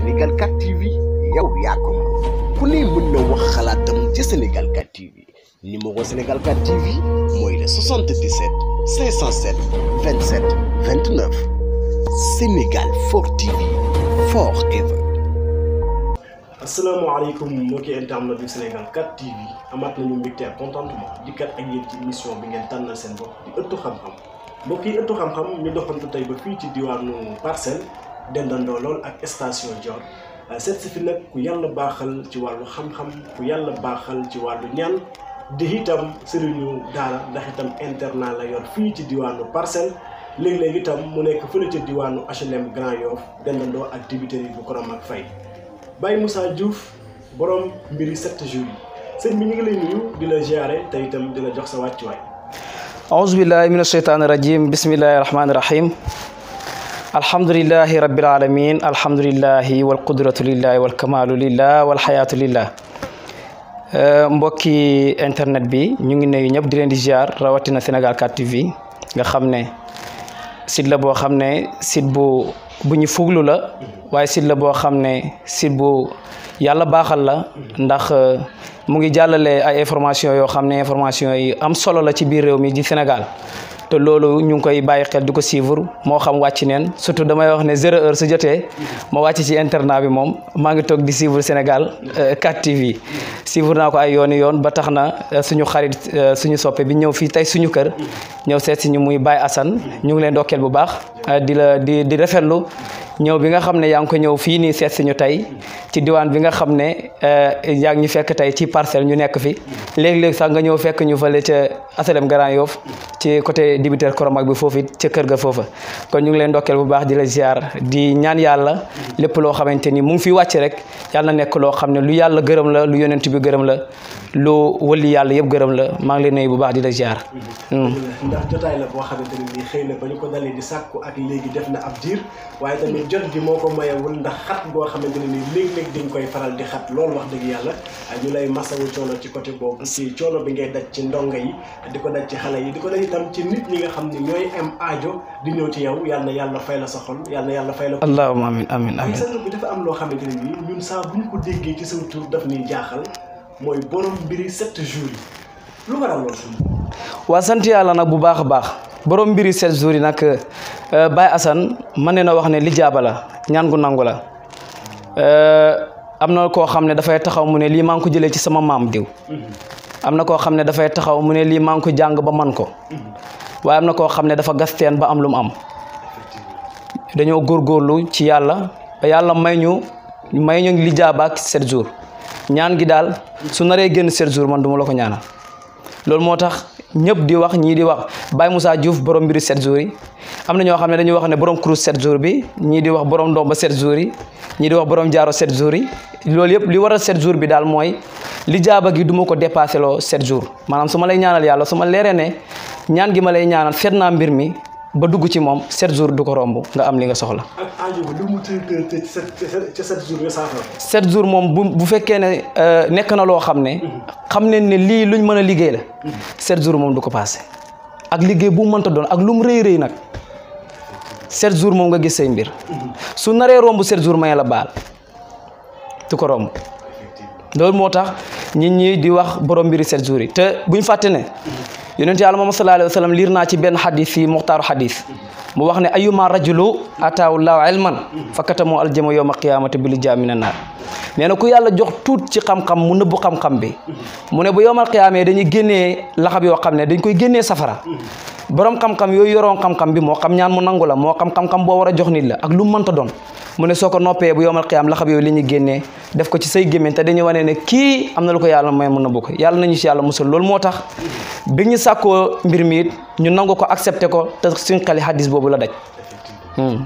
Sénégal 4 TV yow yakum. ko ku ne mën na wax xalaatam ci Sénégal 4 TV numéro Sénégal 4 TV moy le 77 507 27 29 Sénégal 4 TV forever. asalaamaaleykum mbokki internet du Sénégal 4 TV Amat nañu mbégte ak contentement dikkat ak yéen ci émission bi ngeen tanal seen bokk di ëttu xam-xam mbokk yi ëttu xam-xam ñu doxantu ba fii ci diwaanu Parcelles. dendandoo lool ak station Dior seet si fi nag ku yàlla baaxal ci wàllu xam-xam ku yàlla baaxal ci wàllu ñaan di itam sëriñu daara ndax itam internat la yor fii ci diwaanu Parcelles léeg-léeg itam mu nekk fële ca diwaanu HLM Grand Yoff dendandoo ak dibiteri bu Korom ak Faye Baye Moussa Diouf borom mbiri 7 jours yi sëñ bi ñu ngi lay nuyu di la ziare te itam di la jox sa wàccuwaay. auzu billahi mina shaytaani rajim bismillahi rahmaani rahim. الحمد لله رب العالمين الحمد لله والقدرة لله والكمال لله والحياة لله mbokki internet bi ñu ngi nuyu ñëpp di leen di ziar rawatina Sénégal 4 TV nga xam ne site la boo xam ne site bu bu ñu fuglu la waaye site la boo xam ne site bu yàlla baaxal la ndax mu ngi jàllale ay information yoo xam ne information yi am solo la ci biir réew mi di Sénégal te loolu ñu ngi koy bàyyi xel di ko suivre moo xam wàcc neen surtout damay wax ne zéro heure su jotee ma wàcc ci internat bi moom maa ngi toog di suivre Sénégal 4 euh, TV suivre naa ko ay yooni yoon ba tax na euh, suñu xarit euh, suñu soppee bi ñëw fii tey suñu kër ñëw seet si ñu muy Baye asan ñu ngi leen dokkeel bu baax Euh, di la di di rafetlu ñëw bi nga xam ne yaa ngi ko ñëw fii nii seet si ñu tey ci diwaan bi nga xam ne euh, yaa ngi ñu fekk tey ci parcelle ñu nekk fi léeg-léeg sax nga ñëw fekk ñu fële ca asalem Grand Yoff ci côté dibiteer Koromak bi foofu ca kër ga foofa kon ñu ngi leen ndokkeel bu baax di la ziar di ñaan yàlla lépp loo xamante ni mu ngi fi wàcc rek yàlla nekk loo xam ne lu yàlla gërëm la lu yonent bi gërëm la lu wëli yàlla yëpp gërëm la maa ngi leen nuyu bu baax di la ziar. Hmm. léegi def na ab diir waaye tamit jot gi moo ko mayewul ndax xat boo xamante ne nii léeg-léeg di koy faral di xat loolu wax dëgg yàlla ñu lay masawu coono ci côté boobu si coono bi ngay daj ci ndongo yi di ko daj ci xale yi di ko daj itam ci nit ñi nga xam ne ñooy am aajo di ñëw ci yow yal na yàlla fay la sa xol yal na yàlla fay la allahumma amin amin amin sa bi dafa am loo xamante ne nii ñun saa bu ñu ko déggee ci saw tur daf ñuy jaaxal mooy borom mbiri sept jours yi lu a baax borom mbiri sept jours yi nag euh, Baye Assane man ne na wax ne li jaaba la ñaan gu nangu la euh, am na koo xam ne dafay taxaw mu ne lii maa ngi ko jëlee ci sama maam diw am na koo xam ne dafay taxaw mu ne lii maa ko jàng ba man ko waaye am na koo xam ne dafa gasteen ba am lu mu am dañoo góor góorlu ci yàlla yàlla may ñu may ñu li jaaba ak sept jours ñaan gi daal su naree génn sept jours man du ma la ko ñaanal loolu moo tax ñëpp di wax ñii di wax Baye Moussa Diouf borom mbiru 7 jours yi am na ñoo xam ne dañuy wax ne borom cruise 7 jour bi ñii di wax borom ndomba 7 jours yi ñii di wax borom jaaro 7 jours yi loolu yëpp li waral set jours bi daal mooy li jaaba gi du ko dépassé loo 7 jours maanaam su ma lay ñaanal yàlla su ma leeree ne ñaan gi ma lay ñaanal seet naa mbir mi ba dugg ci moom sept jours du ko romb nga am li nga soxla. sept jours moom bu bu fekkee ne euh, nekk na loo xam ne. Mhm. xam ne ne lii luñ mën a liggéey la. Mhm. sept jours moom du ko paase. ak liggéey bu mu mënta doon ak lu mu rëy rëy nag sept jours moom nga gis say mbir. Mhm. su naree romb sept jours may la baal du ko romb. loolu moo tax nit ñi di wax borom mbiri set jours yi te buñ fàtte ne. yonent yàlla moom sallallahu alayhi wa sallam liir naa ci benn xadis yi muxtaaru xadis mu wax ne ayuma rajulu ataawullahu ilman fakatamoo aljama yowma qiyamati bi li jaamina naar nee na ku yàlla jox tuut ci xam-xam mu nëbbu xam-xam bi mu ne bu yowmal qiyaamee dañuy génnee laxab yoo xam ne dañ koy génnee safara borom xam-xam yooyu yoroon xam-xam bi moo xam ñaan mu nangu la moo xam xam boo war a jox nit la ak lu mu mënta doon mu ne soo ko noppee bu yowmal xiyaam laxab yooyu li ñu génnee def ko ci say gémmiñ te dañuy wane ne kii am na lu ko yàlla may mën a bokk yàlla nañu ci yàlla musal loolu moo tax bi ñu sàkkoo mbir mi it ñu nangu ko accepté ko te suñ xeli boobu la daj hmm.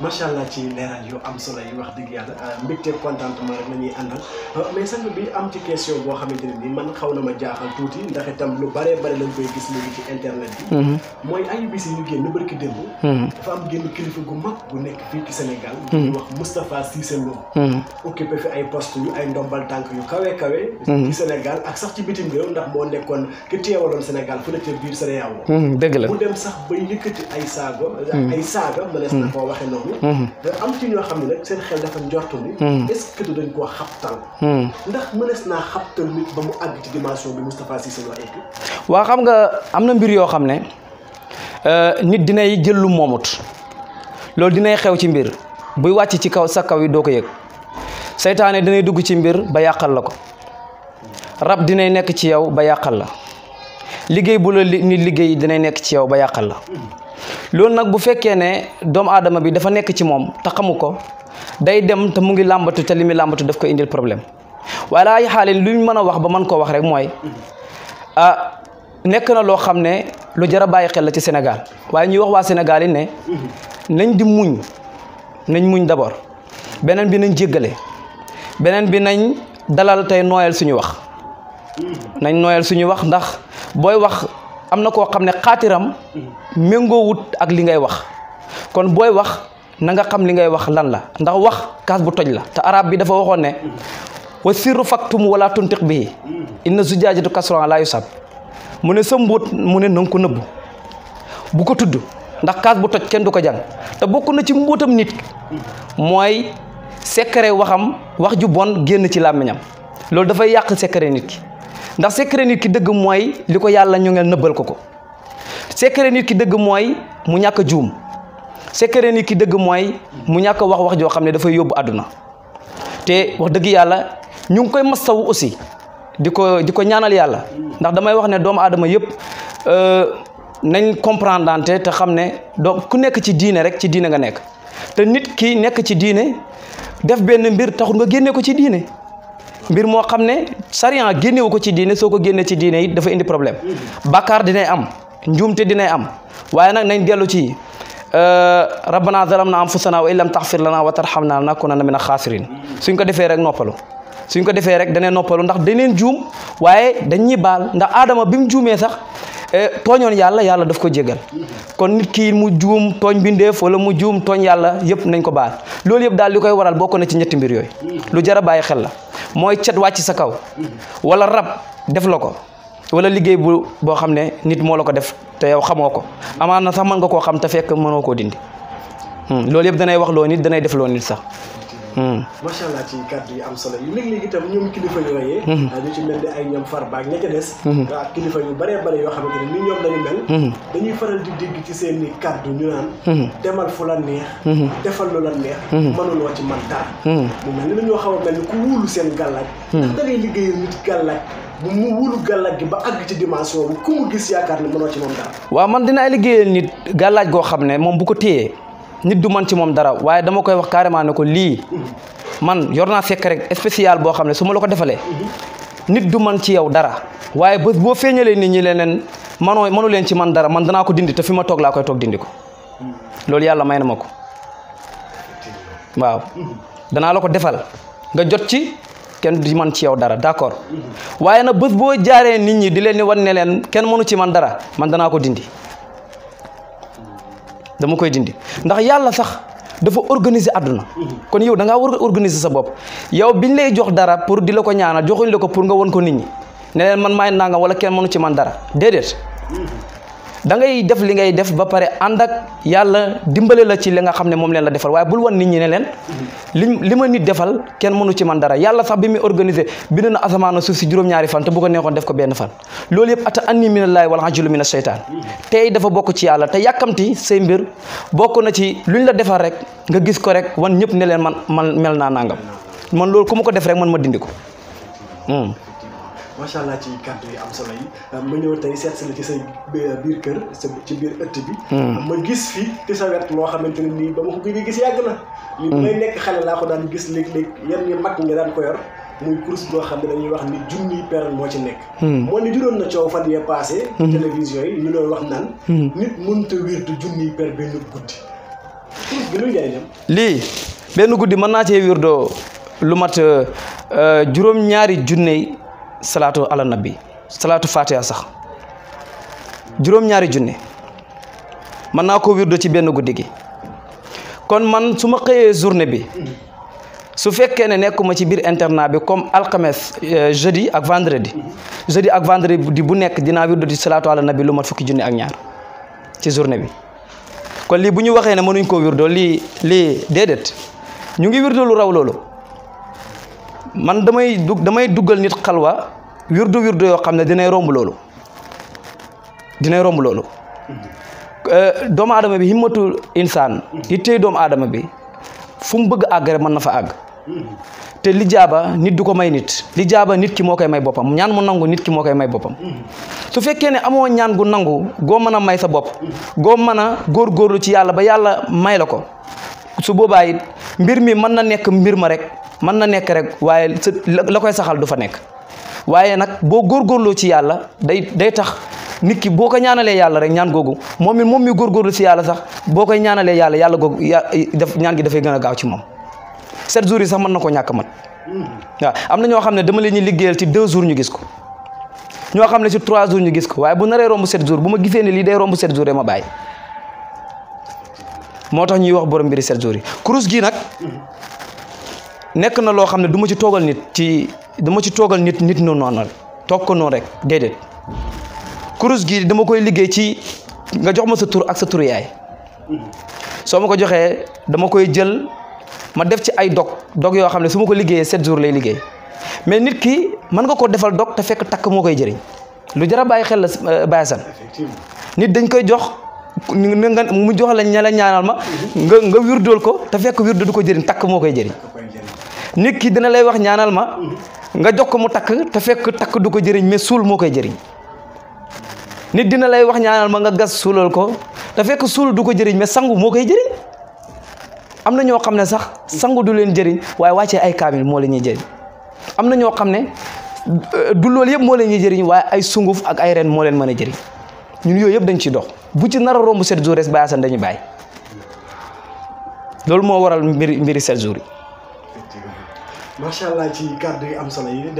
macha allah ci leeral yu am solo yi wax dëgg yàlla ah, mbégte contentement rek la ñuy àndal ah, bi am ci question boo xamante ne nii man xaw na ma jaaxal tuuti ndax itam lu bare bare lañ koy gis léegi ci internet bi. Mhm. mooy ay bis yi ñu génn bërki démb. Mhm. dafa am génn kilifa gu mag bu nekk fii ci Sénégal. Mhm. di wax Moustapha Cissé Lo. fi ay post yu ay ndombal tànk yu kawe kawe. ci Sénégal ak sax ci bitim réew ndax moo nekkoon ki teewaloon Sénégal fu la ca biir Sénégal. dëgg dem sax ba yëkkati ay ay saaga mënees na koo waxee noonu. ni mm-hmm. da am ci ñoo xam ne nag seen mm-hmm. mm-hmm. xam nga am na mbir yoo xam ne euh, nit dinay jël lu moomut loolu dinay xew ci mbir buy wàcc ci kaw sa kaw yi doo ko yëg seytaane dinay dugg ci mbir ba yàqal la ko rab dinay nekk ci yow ba yàqal la liggéey bu la nit liggéey dinay nekk ci yow ba yàqal la loolu nag bu fekkee ne doomu aadama bi dafa nekk ci moom te xamu ko day dem te mu ngi làmbatu te li làmbatu daf ko indil problème waaye laay xaalin luñ mën a wax ba man koo wax rek mooy ah nekk na loo xam ne lu jar a bàyyi xel la ci senegal waaye ñuy wax waa Sénégal yi ne nañ di muñ nañ muñ d'abord beneen bi nañ jéggale beneen bi nañ dalal tey nooyal suñu wax nañ nooyal suñu wax ndax booy wax am na koo xam ne xaatiram wut ak li ngay wax kon booy wax na nga xam li ngay wax lan la ndax wax kaas bu toj la te arab bi dafa waxoon ne wa sirru faktum wala bi bihi inna zujaajatu kasran la yusab mu ne sa mbóot mu ne na nga ko nëbb bu ko tudd ndax kaas bu toj kenn du ko jàng te bokk na ci mbóotam nit mooy secret waxam wax ju bon génn ci làmmiñam loolu dafay yàq secret nit ki ndax secret nit ki dëgg mooy li ko yàlla ñu ngeen nëbbal ko ko secret nit ki dëgg mooy mu ñàkk a juum secret nit ki dëgg mooy mu ñàkk wax wax joo xam ne dafay yóbbu àdduna te wax dëgg yàlla ñu ngi koy masawu aussi di ko di ko ñaanal yàlla ndax damay wax ne doomu aadama yëpp euh, nañ comprendre te xam ne donc ku nekk ci diine rek ci diine nga nekk te nit ki nekk ci diine def benn mbir taxul nga génne ko ci diine mbir moo xam ne sariya génnewu ko ci diine soo ko génnee ci diine it dafa indi problème bàkkaar dinay am njuumte dinay am waaye nag nañ dellu ci euh, rabbana zalamna anfusana wa illam taxfir lana wa tarxamna nakunanna min a xaasirin suñ ko defee rek noppalu suñ ko defee rek danee noppalu ndax daneen juum waaye dañuy baal ndax aadama bi mu juumee sax euh, tooñoon yàlla yàlla daf ko jégal kon nit kii mu juum tooñ bindeef wala mu juum tooñ yàlla yëpp nañ ko baa loolu yëpp daal li koy waral bokk na ci ñetti mbir yooyu lu jar a bàyyi xel la mooy cat wàcc sa kaw wala rab def la ko wala liggéey bu boo xam ne nit moo la ko def te yow xamoo ko amaana sax mën nga koo xam te fekk mënoo koo dindi hmm, loolu yëpp danay wax loo nit danay def loo nit sax Hmm. macha allah ci kàddu yi am solo yi léeg-léeg itam ñoom kilifa yooyee hmm. ah, ñu ci mel ni ay ñoom far baag ña ca des hmm. ah, kilifa yu bëree bëri yoo xam ne ni ñoom lañu mel dañuy faral di dégg ci seen i kàddu ñu demal fu la neex defal lu la neex mënuloo ci ni dañoo xaw a ku wóolu seen gàllaaj ndax da ngay liggéeyal nit gàllaaj bu mu wóolu gàllaaj gi ba àgg ci dimension bi ku mu gis yaakaar ne mënoo ci moom dara waaw man dinaa liggéeyal nit gàllaaj goo xam ne moom bu ko téyee nit du man ci moom dara waaye dama koy wax carrément ne ko lii man yor naa fekk rek spécial boo xam ne su ma la ko defalee nit du man ci yow dara waaye bés boo feeñalee nit ñi leneen manoo manu leen ci man dara man danaa ko dindi te fi ma toog laa toog dindi ko loolu yàlla may na ma ko waaw danaa la ko defal nga jot ci kenn du man ci yow dara d'accord waaye nag bés boo jaaree nit ñi di leen ni wan ne leen kenn mënu ci man dara man danaa ko dindi dama koy dindi ndax yàlla sax dafa organiser àdduna kon yow da ngaa war a organiser sa bopp yow biñ lay jox dara pour di la ko ñaana joxuñ la ko pour nga won ko nit ñi ne leen man maay nga wala kenn mënu ci man dara déedéet da ngay def li ngay def ba pare ànd ak yàlla dimbale la ci li nga xam ne moom leen la defal waaye bul wan nit ñi ne leen li li ma nit defal kenn mënu ci man dara yàlla sax bi muy organisé bind na asamaan suuf si juróom-ñaari fan te bu ko neexoon def ko benn fan loolu yëpp ata anni minallaahi wal ajlu mina seytaan tey dafa bokk ci yàlla te yàkkamti say mbir bokk na ci luñ la defal rek nga gis ko rek wan ñëpp ne leen man man mel naa nangam man loolu ku ma ko def rek man ma dindi ko hmm. macha allah ci kàddu yi am solo yi euh, ma ñëw tey seet si la ci say euh, biir kër ci biir ëtt bi. Hmm. Euh, ma gis fi ci sa wet loo xamante ne nii ba ma ko gëj a gis yàgg na. li hmm. nekk xale laa ko daan gis léeg-léeg yan ñi mag nga daan ko yor. muy course boo xam ne dañuy wax ni junniy per moo ci nekk. Hmm. moo ni juróon na coow fan yee passé. télévision yi ñu looy wax naan. nit mënut a wirdu junniy per benn guddi. course bi lu njëriñam. lii benn guddi man naa cee wirdoo lu mat juróom-ñaari junne salatu ala nabi salatu fatiha sax jurom ñaari junne man nako wirdo ci benn guddigi kon man suma xeye journée bi su fekke ne nekuma ci bir internat bi comme jadi euh, jeudi ak vendredi jeudi ak vendredi bu nekk dinaa wirdo ci salatu ala nabi lu fukki junne ak ñaar ci journée bi kon li buñu waxe ne mënuñ koo wirdo li li dedet ñu ngi wirdo lu raw man damay dug damay duggal nit xalwa wirdu wirdu yoo xam ne dinay romb loolu dinay romb loolu mm-hmm. euh, doomu aadama bi himmatu insaan mm-hmm. yittey doomu aadama bi fu mu bëgg àgg rek mën na fa àgg mm-hmm. te li jaaba nit du ko may nit li jaaba nit ki moo koy may boppam ñaan mu nangu nit ki moo koy may boppam su fekkee ne amoo ñaan gu nangu goo mën a may sa bopp goo mën a góor góorlu ci yàlla ba yàlla may la ko su boobaay mbir mi mën na nekk mbir ma rek mën na nekk rek waaye la koy saxal du fa nekk waaye nag boo góor góorloo ci yàlla day day tax nit ki boo ko ñaanalee yàlla rek ñaan googu moom mi moom mi góorgóorlu yàlla sax boo ñaanalee yàlla yàlla googu def ñaan gi dafay gën a gaaw ci moom sept jours yi sax mën na ko ñàkk man waa am na ñoo xam ne dama leen ñu liggéeyal ci deux jours ñu gis ko ñoo xam ne ci trois jours ñu gis ko waaye bu naree romb sept jours bu ma gisee ne lii day romb sept jours rek ma bàyyi moo tax ñuy wax borom mbiri sept jours yi kurus gi nag nekk na loo xam ne duma ci toogal nit ci du ci toogal nit nit noonu noonal toog ko noonu rek déedéet kurus gi dama koy liggéey ci nga jox ma sa tur ak sa tur yaay soo ma ko joxee dama koy jël ma def ci ay dog dog yoo xam ne su ma ko liggéeyee set jours lay liggéey mais nit ki mën nga ko defal dog te fekk takk moo koy jëriñ lu jar a bàyyi xel la euh, Baye Assane nit dañ koy jox mu jox la ña la ñaanal ma nga nga wirdool ko te fekk wirdo du ko jëriñ takk moo koy jëriñ nit ki dina lay wax ñaanal ma nga jox ko mu takk te fekk takk du ko jëriñ mais suul moo koy jëriñ nit dina lay wax ñaanal ma nga gas suulal ko te fekk suul du ko jëriñ mais sangu moo koy jëriñ am na ñoo xam ne sax sangu du leen jëriñ waaye wàccee ay kaamil moo la ñuy jëriñ am na ñoo xam ne euh, du loolu yëpp moo leen ñuy jëriñ waaye ay sunguf ak ay ren moo leen mën a jëriñ ñun yooyu yëpp dañ ciy dox bu ci nar a romb sept jours res bàyyi asan dañuy bàyyi loolu moo waral mbiri mbiri sept jours yi macha allah ci kàddu yu am solo yi.